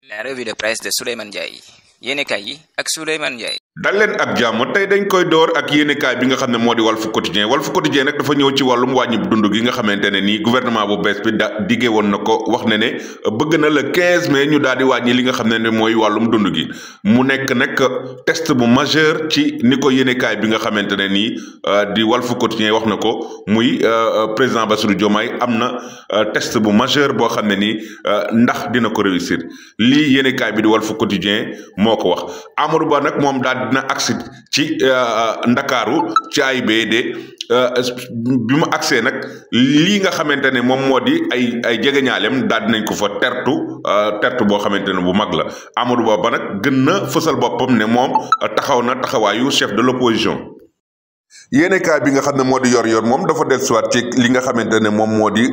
Il a revu de presse de Souleymane Ndiaye. yéenekaay yi ak Souleymane Ndiaye. dal leen ak jàmm tey dañ koy door ak yéenekaay bi nga xam ne moo di wal Walf wal Walf Quotidien nag dafa ñëw ci wàllum wàññi dund gi nga xamante ne nii gouvernement bu bees bi da diggee woon na ko wax ne ne bëgg na la 15 mai ñu daal di wàññi li nga xam ne ne mooy wàllum dundu gi mu nekk nag test bu majeur ci ni ko yéenekaay bi nga xamante ne nii euh, di wal Walf Quotidien wax na ko muy euh, euh, président Bassirou Diomaye am na test bu majeur boo xam ne nii ndax dina ko réussir lii bi di Walf Quotidien moo ko wax Amadou Ba nag moom daal dina agsi ci euh, euh, ndakaaru ci AIBD euh, bi mu agsee nag lii nga xamante ne moom moo di ay ay jegeñaaleem daal dinañ ko fa tertu tertu boo xamante ne bu mag la Amadou Ba ba nag gën na fosal boppam ne moom taxaw na taxawaayu chef de l'opposition yéenekaay bi nga xam ne moo di yor yor moom dafa dellusiwaat ci li nga xamante ne moom moo di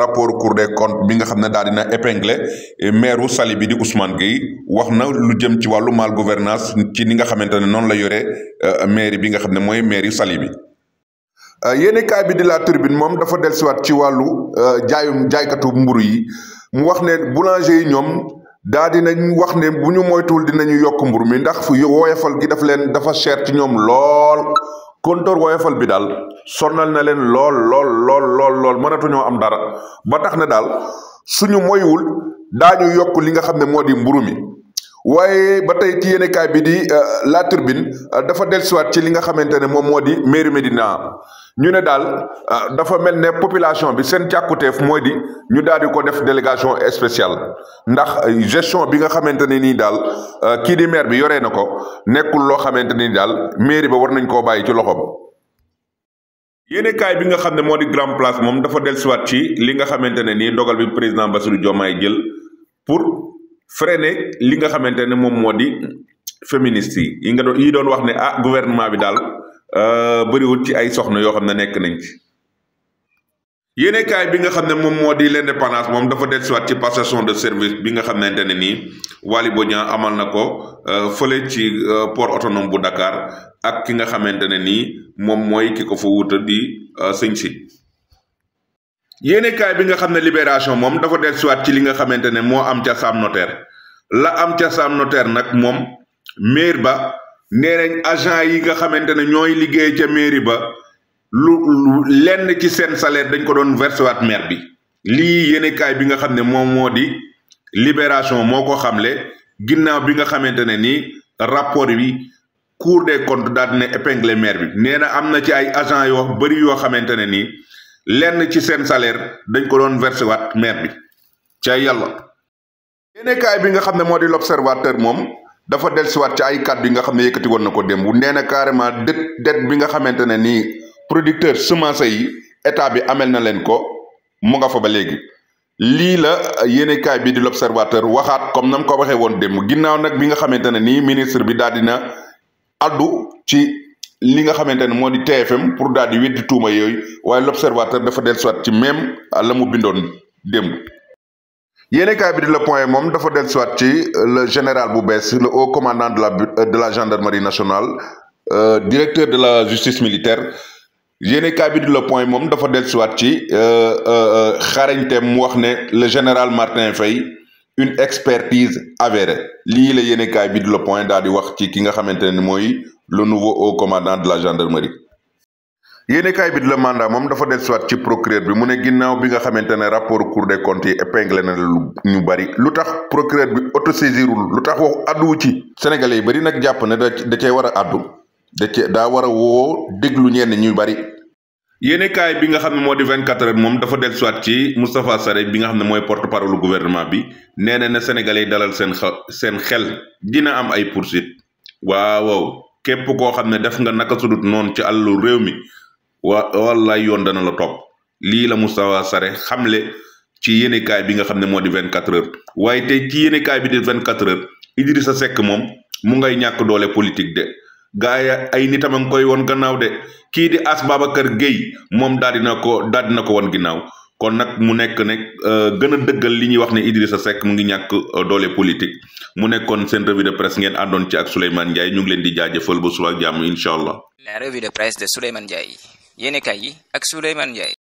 rapport cour des comptes bi nga xam ne daal dina épinglé maire Saly bi di Ousmane Gueye wax na lu jëm ci wàllu mal gouvernance ci ni nga xamante ne noonu la yore euh, maire bi nga xam ne mooy maire Saly bi euh, yéenekaay bi di La Tribune moom dafa dellusiwaat ci wàllu euh, jaayum jaaykatu mburu yi mu wax ne boulanger yi ñoom daa dinañ wax ne bu ñu moytuwul dinañu yokk mburu mi ndax fu woyofal gi daf leen dafa cher ci ñoom lool kontóor woyofal bi daal sonnal na leen lool lool lool lool lool mënatuñoo am dara ba tax ne daal suñu moywul daañu yokk li nga xam ne moo di mburu mi waaye ba tey ci yéenekaay bi di euh, La Tribune euh, dafa dellusiwaat ci li nga xamante ne moom moo di mairie Médina ñu ne daal euh, dafa mel ne population bi seen càkkuteef mooy di ñu daal di ko def délégation spéciale ndax euh, gestion bi nga xamante ne nii daal euh, kii di maire bi yoree na ko nekkul loo xamante ni daal mairie ba war nañ koo bàyyi ci loxoom. yéenekaay bi nga xam ne moo di grand place moom dafa dellusiwaat ci li nga xamante ne nii dogal bi président Bassirou Diomaye jël pour freiner li nga xamante ne moom moo di féministes yi yi nga doon doon wax ne ah gouvernement bi daal. Euh, bëriwul ci ay soxna yoo xam ne nekk nañ ci. yéenekaay bi nga xam ne moom moo di l'indépendance moom dafa dellusiwaat ci passation de service bi nga xamante ne nii Waly Bodian amal na ko euh, fële ci euh, port autonome bu Dakar ak ki nga xamante ne nii moom mooy ki ko fa wuta di sëñ si. yéenekaay bi nga xam ne libération moom dafa dellusiwaat ci li nga xamante ne moo am ca Sam Notaire la am ca Sam Notaire nag moom maire ba nee agent yi nga xamante ne ñooy liggéey ca mairie ba lu lenn ci seen salaire dañ ko doon versé waat bi lii yéenekaay bi nga xam ne moom moo di libération moo ko le ginnaaw bi nga xamante ne nii rapport bi cour des comptes daal dina épinglé maire bi nee na am na ci ay agent yoo bëri yoo xamante ne nii lenn ci seen salaire dañ ko doon versé waat maire bi ca yàlla yéenekaay bi nga xam ne moo di l'observateur moom dafa dellusiwaat ci ay kàddu yi nga xam ne yëkkati woon na ko démb nee na carrément dette dette bi nga xamante ne nii producteur semence yi état bi ameel na leen ko mu nga fa ba léegi. lii la yéenekaay bi di l'observateur waxaat comme na mu ko waxee woon démb ginnaaw nag bi nga xamante ne nii ministre bi daal dina addu ci li nga xamante ne moo di TFM pour daal di weddi tuuma yooyu waaye l'observateur dafa dellusiwaat ci même la mu bindoon démb. yéenekaay bi di Le Point moom dafa del soit ci euh, le général bu bees le haut commandant de la euh, de la gendarmerie nationale euh, directeur de la justice militaire yéenekaay bi di Le Point moom dafa del soit ci tem mu wax ne le général Martin Faye une expertise avérée lii la yéenekaay bi di Le Point daal di wax ci ki nga xamante ne ni mooy le nouveau haut commandant de la gendarmerie yéenekaay bi di la mandat moom dafa dellusiwaat ci procureur bi mu ne ginnaaw bi nga xamante ne rapport cour des comptes yi épinglé na lu ñu bari lu tax procureur bi auto autosaisirul lu tax waxu àdduwu ci sénégalais yi bari nag jàpp ne da da cee war a àddu da daa war a woo déglu ñenn ñu bari. yéenekaay bi nga xam ne moo di 24 heures moom dafa dellusiwaat ci Moustapha Sarré bi nga xam ne mooy porte-parole gouvernement bi nee na ne yi dalal seen xel seen xel dina am ay poursuite waaw képp koo xam ne def nga naka noonu ci àllu réew mi. wa wallaay yoon dana la topp lii la Moustapha Sarré xamle ci yéenekaay bi nga xam ne moo di vingt quatre heures waaye tey ci yéenekaay bi di vingt quatre heures Idrissa Seck moom mu ngay ñàkk doole politique de gaaya ay nitam a ngi koy woon gannaaw de kii di As kër Guèye moom daal dina ko daal dina ko woon ginnaaw kon nag mu nekk ne euh, gën a dëggal li ñuy wax ne Idrissa Seck mu ngi ñàkk euh, doole politique mu nekkoon seen revue de presse ngeen àndoon ci ak Souleymane Ndiaye ñu ngi leen di jaajëfal ba suba ak jàmm la revue de presse de yéenekaay yi ak Souleymane Ndiaye